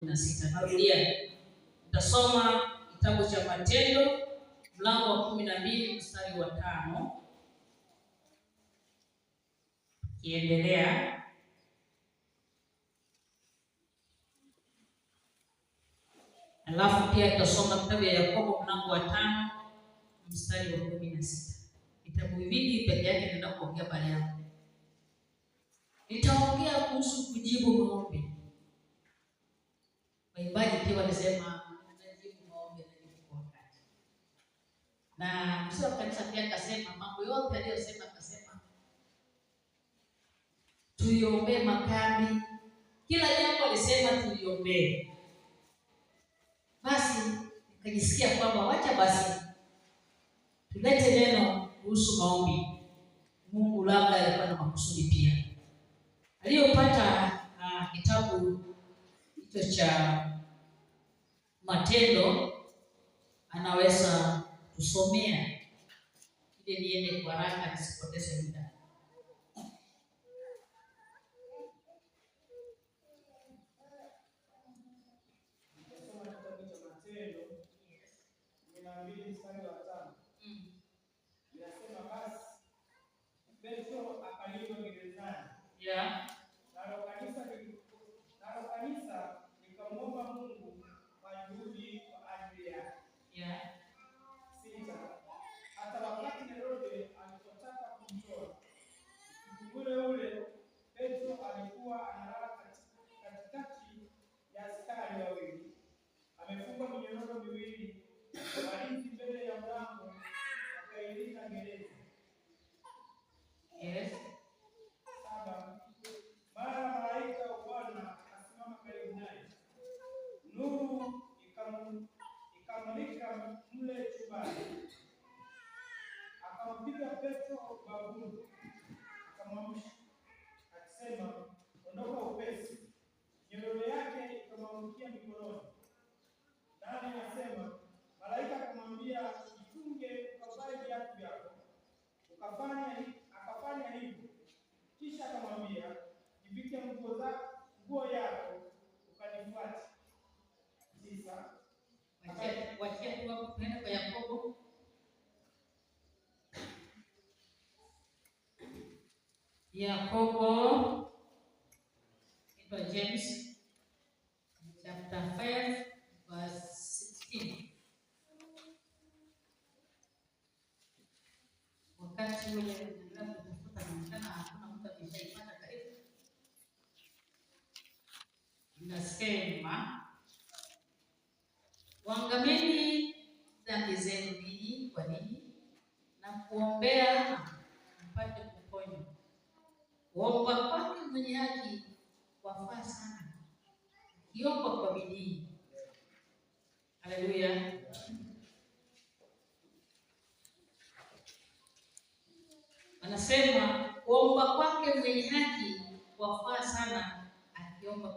na sita. Narudia, utasoma kitabu cha Matendo mlango wa kumi na mbili mstari wa tano kiendelea alafu pia tutasoma kitabu ya Yakobo mlango wa tano mstari wa kumi na sita. Vitabu hivi peke yake nenda kuongea bali yako nitaongea kuhusu kujibu maombi Waimbaji pia wanasema maombi, kwa wakati. Na mzee wa kanisa pia akasema mambo yote aliyosema, akasema tuiombee makambi, kila jambo alisema tuiombee Basi nikajisikia kwamba wacha basi tulete neno kuhusu maombi. Mungu labda alikuwa na makusudi pia aliyopata uh, kitabu kitu cha Matendo anaweza kusomea ili niende kwa haraka nisipoteze muda. Mm. Yeah. ಆಗಿದೆ Yakobo itu James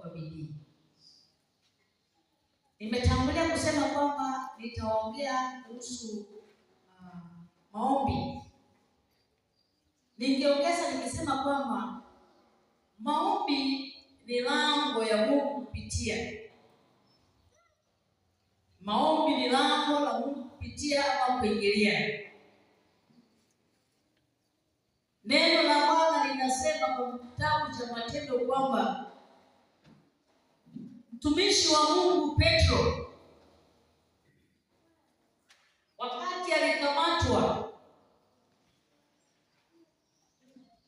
kwa bidii. Nimetangulia kusema kwamba nitaongea kuhusu uh, maombi. Ningeongeza nimesema kwamba maombi ni lango ya Mungu kupitia. Maombi ni lango la Mungu kupitia ama kuingilia. Neno la Bwana linasema kwa kitabu cha Matendo kwamba mtumishi wa Mungu Petro wakati alikamatwa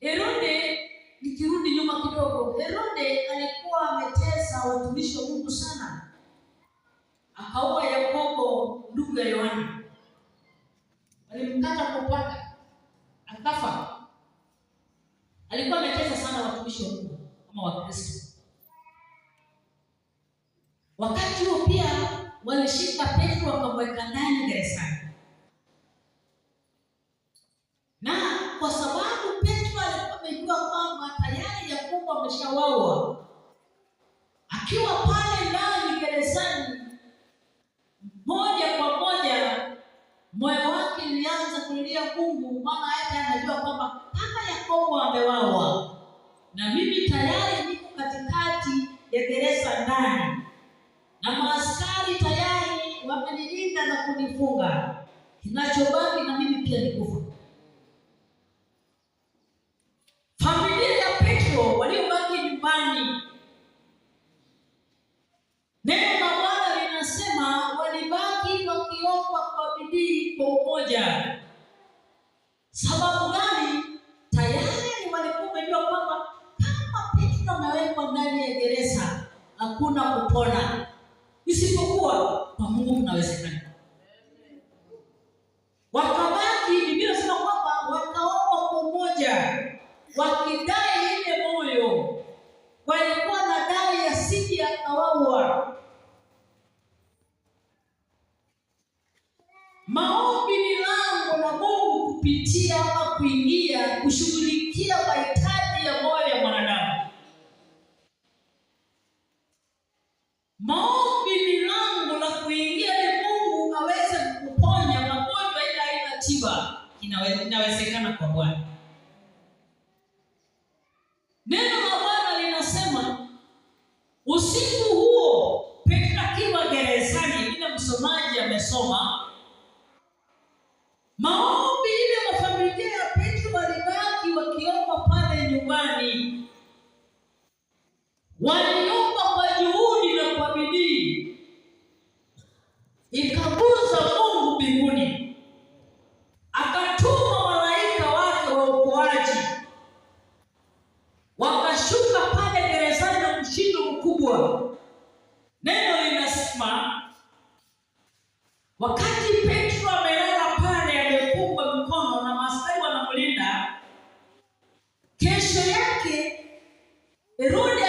Herode. Nikirudi nyuma kidogo, Herode alikuwa ametesa watumishi wa Mungu sana, akaua Yakobo ndugu ya Yohana, walimkata kopata akafa. Alikuwa ametesa sana watumishi wa Mungu kama Wakristo. Wakati huo pia walishika Petro wakamweka ndani gerezani, na kwa sababu Petro alikuwa amejua kwamba tayari Yakobo ameshawaua, akiwa pale ndani gerezani, moja kwa moja moyo wake ulianza kulia Mungu, maana hata anajua kwamba kama Yakobo amewaua na mimi tayari niko katikati ya gereza ndani na maaskari tayari wamenilinda na kunifunga, kinachobaki na mimi pia ni kufa. Familia ya Petro waliobaki nyumbani, neno la Bwana linasema walibaki wakiomba kwa bidii, kwa umoja. Sababu gani? Tayari walikuwa wamejua kwamba kama Petro amewekwa ndani ya gereza hakuna kupona. Mungu nawezekana. kushindwa inawezekana kwa Bwana. Neno la Bwana linasema usiku huo Petro akiwa gerezani, bila msomaji amesoma maombi ile, mafamilia ya Petro walibaki wakiomba pale nyumbani wali road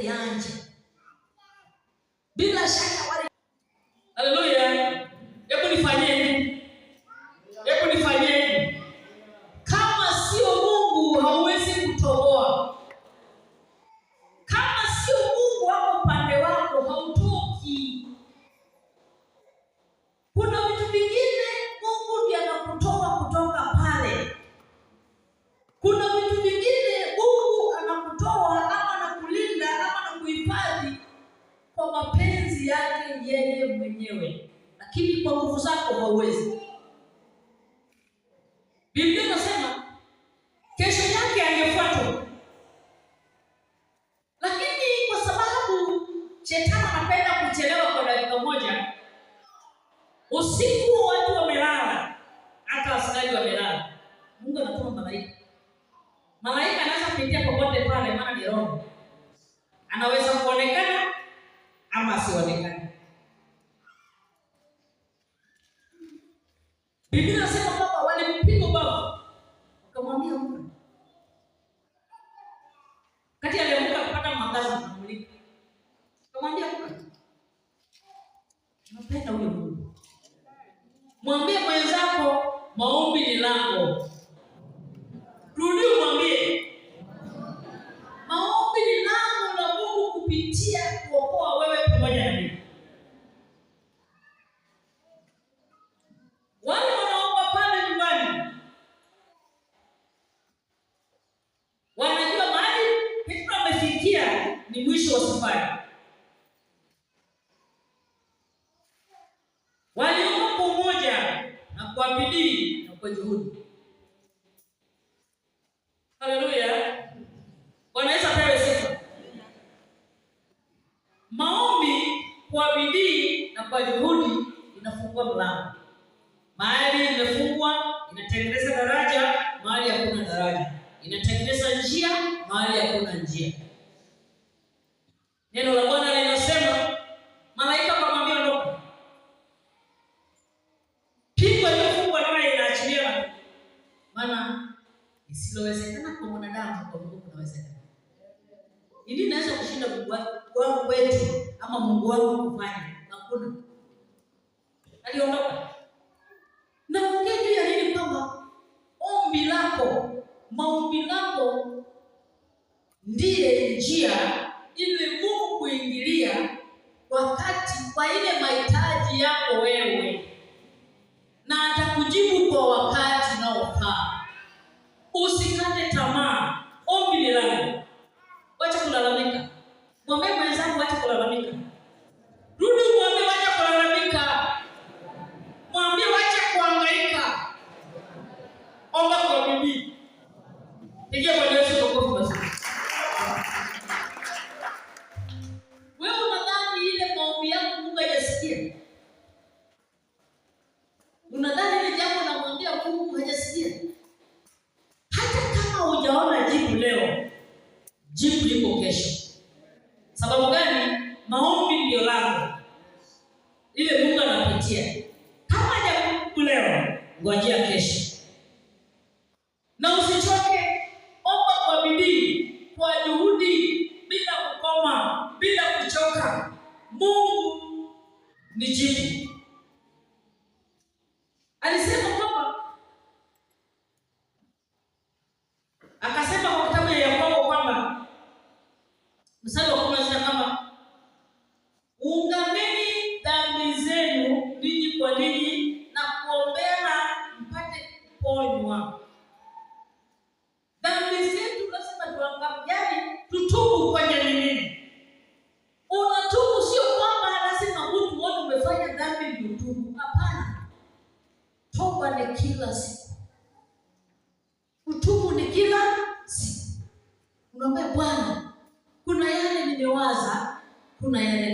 piange Gracias. ni mwisho wa safari. Waliomba kwa umoja na kwa bidii na kwa juhudi No Sempre tipo porque ni kila siku, utubu ni kila siku. Unaambia Bwana, kuna yale nimewaza, kuna yale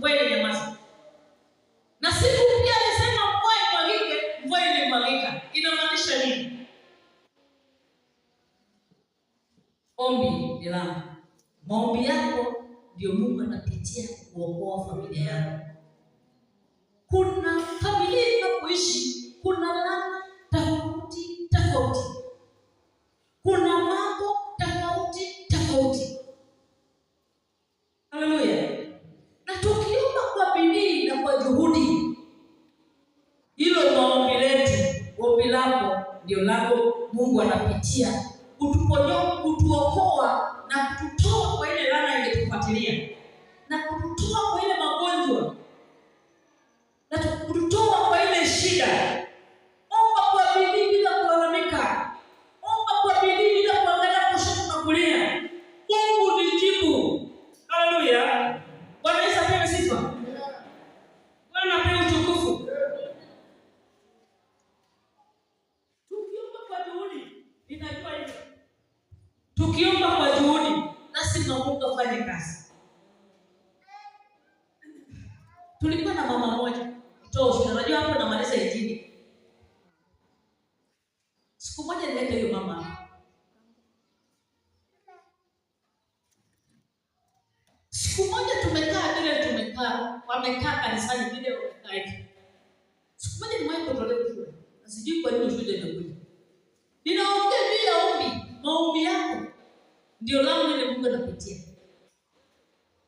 mvua ilinyamaza. Na siku pia alisema mvua imwagike, mvua ilimwagika. Inamaanisha nini? Ombi ni Maombi yako ndio Mungu anapitia kuokoa familia yako. Kuna familia inapoishi kuna laana tofauti tofauti.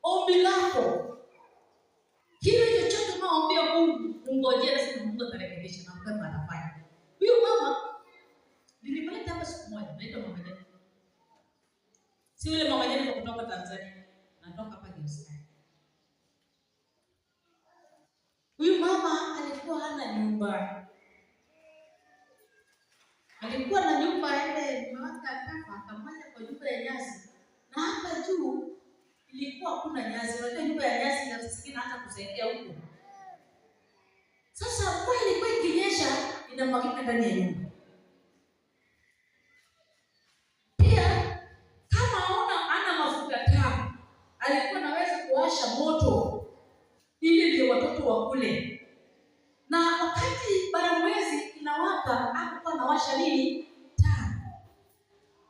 ombi lako kile chochote unaoambia Mungu ungojee, nasema Mungu atarekebisha na Mungu atafanya. Huyu mama nilimleta hapa siku moja, naitwa mama Jeni, si yule mama Jeni kwa kutoka Tanzania, natoka hapa Jerusalem. Huyu mama alikuwa hana nyumba, alikuwa na nyumba ile mwaka akafa, akamwacha kwa nyumba ya nyasi na hapa juu ilikuwa kuna nyasi. Unajua nyumba ya nyasi inasikina hata kusaidia huko. Sasa kwa ilikuwa ikinyesha inamwagika ndani ya nyumba. Pia kama ona ana mafuta kama alikuwa anaweza kuwasha moto ili ndio watoto wakule. Na wakati baramwezi inawaka, hakuwa nawasha nini taa,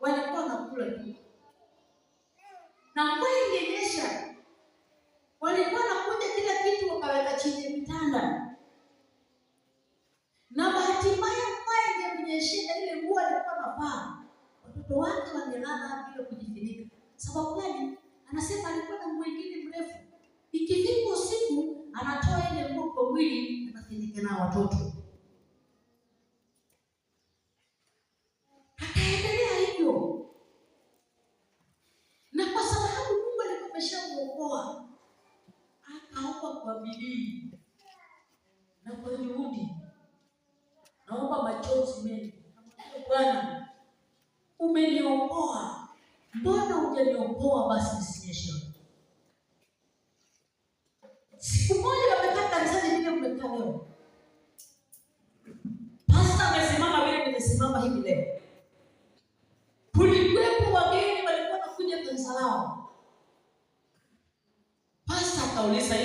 walikuwa tu. decision. kupoa, basi lisinyeshe. Siku moja wamekaa kanisani, vile kumekaa leo, pasta amesimama vile nimesimama hivi leo. Kulikuwepo wageni walikuwa nakuja kanisa lao, pasta akauliza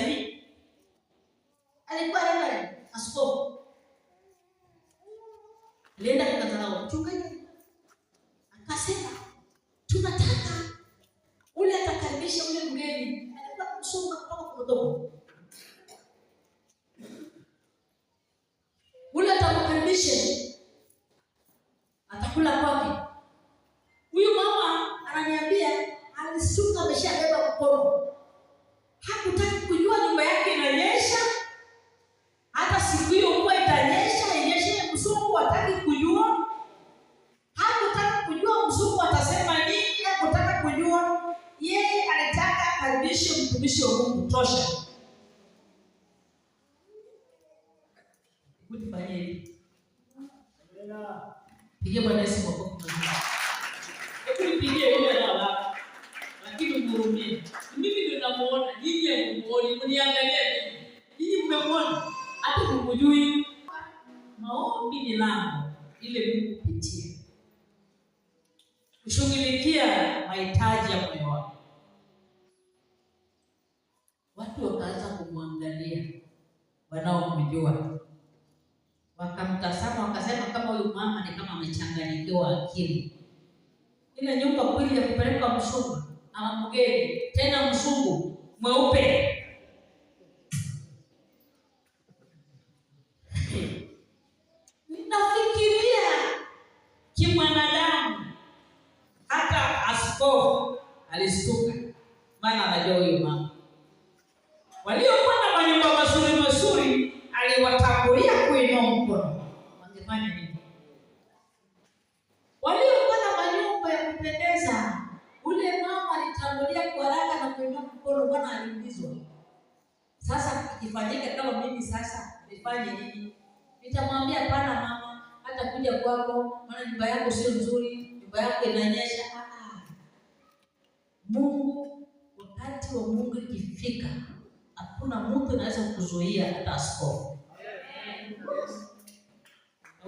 iliyokuwa itanyesha inyeshe, mzungu hataki kujua, hakutaka kujua mzungu atasema nini, hakutaka kujua. Yeye alitaka akaribishe mtumishi wa Mungu tosha. Piga Bwana alikuwa msungu ama mgeni, tena msungu mweupe. nafikiria kimwanadamu, hata askofu alisuka maana anajua huyo mama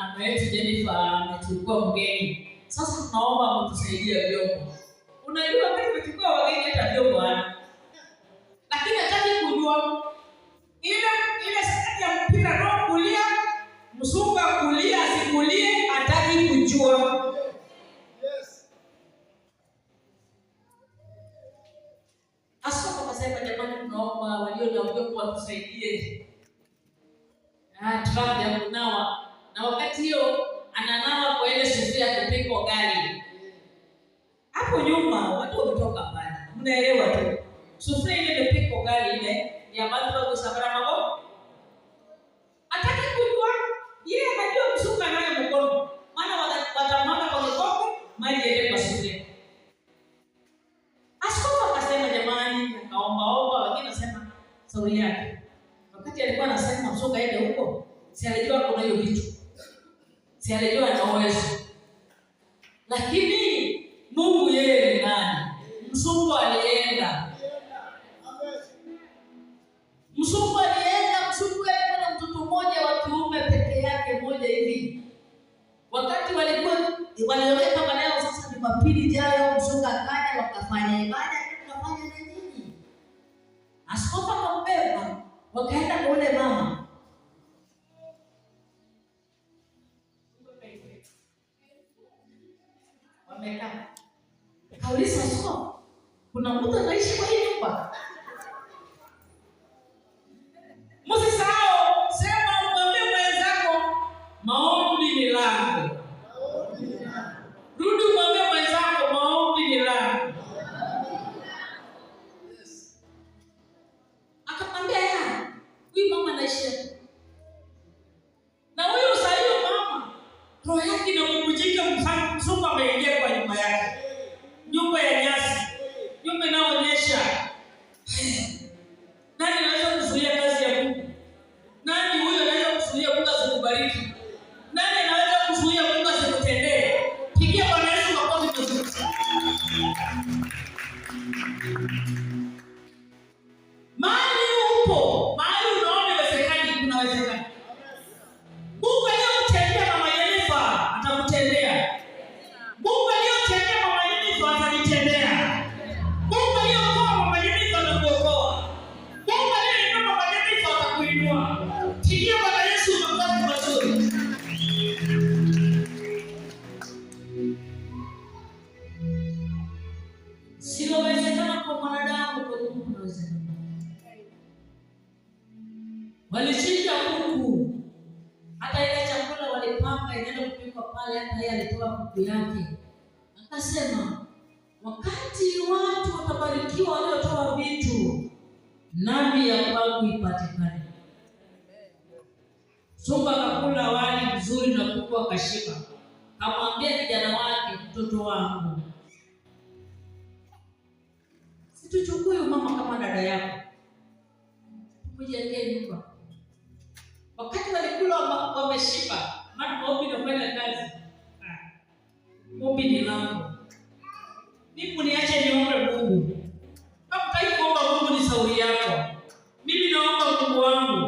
mama yetu Jennifer ametukua mgeni. Sasa tunaomba mtusaidie vyombo. Unajua wakati umechukua wageni hata vyombo hana. Lakini hataki kujua ile ile sakati ya mpira roho kulia, msunga kulia, sikulie hataki kujua. tunaomba walio na uwepo watusaidie. Ah, tunaomba kunawa na wakati hiyo ananawa kwa ile sufuria kupika ugali. Hapo nyuma watu wametoka pale mnaelewa tu. Sufuria ile imepika ugali ile ya Mathayo sabara mambo ataki kujua yeye yeah, anajua msuka naye mkono, maana watamwaga kwa mkono maji yake kwa sufuria. Askofu akasema jamani, akaomba akaombaomba, lakini anasema sauri yake. Wakati alikuwa anasema msuka ile huko, si alijua sialejiwa na uwezo, lakini Mungu yeye ni nani? Msungu alienda, msungu alienda, msungu alikuwa na mtoto mmoja wa kiume peke yake, moja hivi, wakati walikuwa walioweka maneno. Sasa Jumapili jayo msungu akaja, wakafanya ibada kafanya na nyinyi, wakaenda kwa ule mama kabisa sio. Kuna mtu anaishi kwa hii nyumba. nyama inaenda kupikwa pale, hata yeye alitoa kuku yake. Akasema wakati watu watabarikiwa waliotoa vitu, nami ya kwangu ipatikane. Sumba akakula wali mzuri na kuku akashika akamwambia kijana wake, mtoto wangu, situchukue mama kama dada yako, tumjengee nyumba. Wakati walikula wameshiba maana maombi ndio kufanya kazi. Maombi ni lango. Mimi niache niombe Mungu. Kama kuomba Mungu ni sauri yako. Mimi naomba Mungu wangu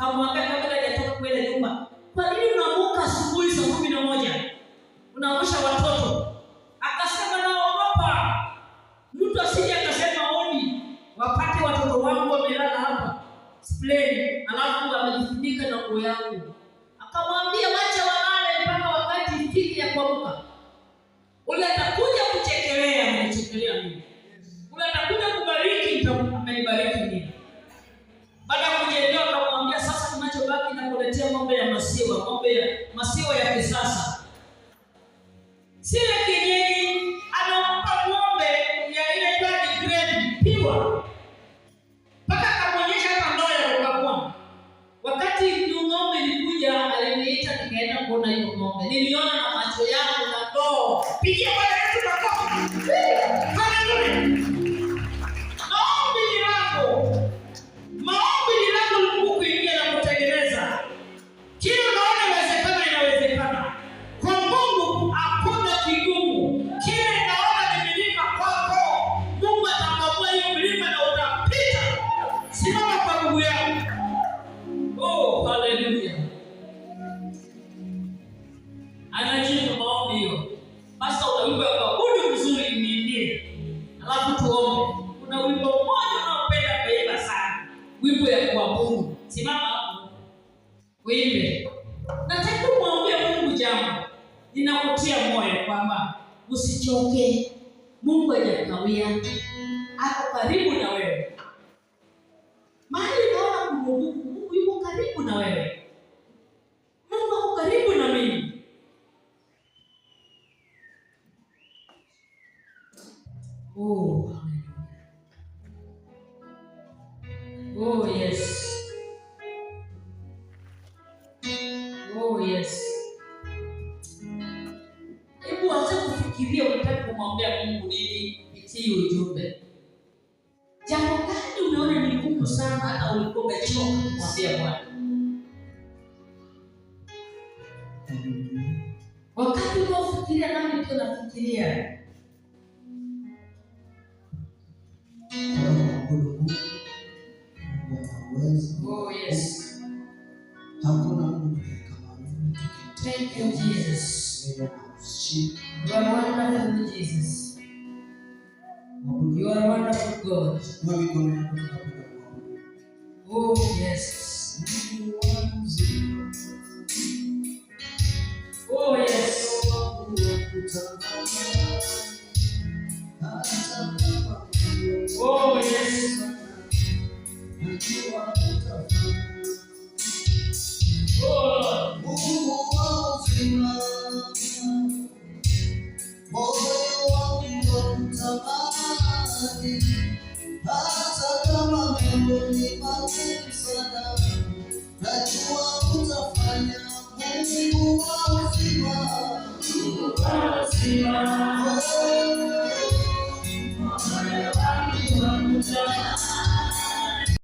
Amanda 我的儿子们，Mungu, Mungu yuko karibu na wewe. You are wonderful, Jesus. You are wonderful, God. Oh, yes.